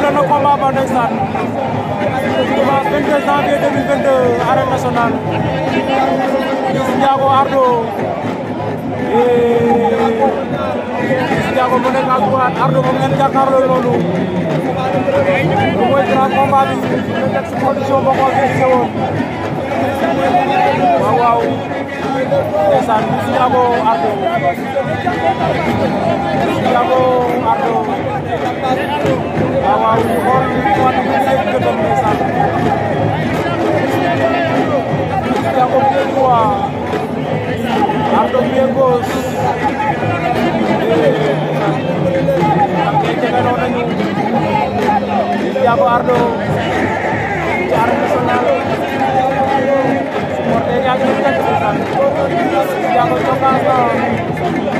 wala na combat ba ndeysaan dimanche 22 janvier 2022 arène nationale Ardo Liss Ndiago mu Ardo moom ngeen jàkkaarloo noonu lu mooy grand combat bi ñu wow, si Ardo Ardo Thank you.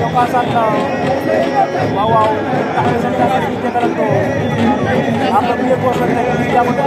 tukasan na wow nakalisan na sa video ka lang to. Ako, hindi ko sa nagkikita mo na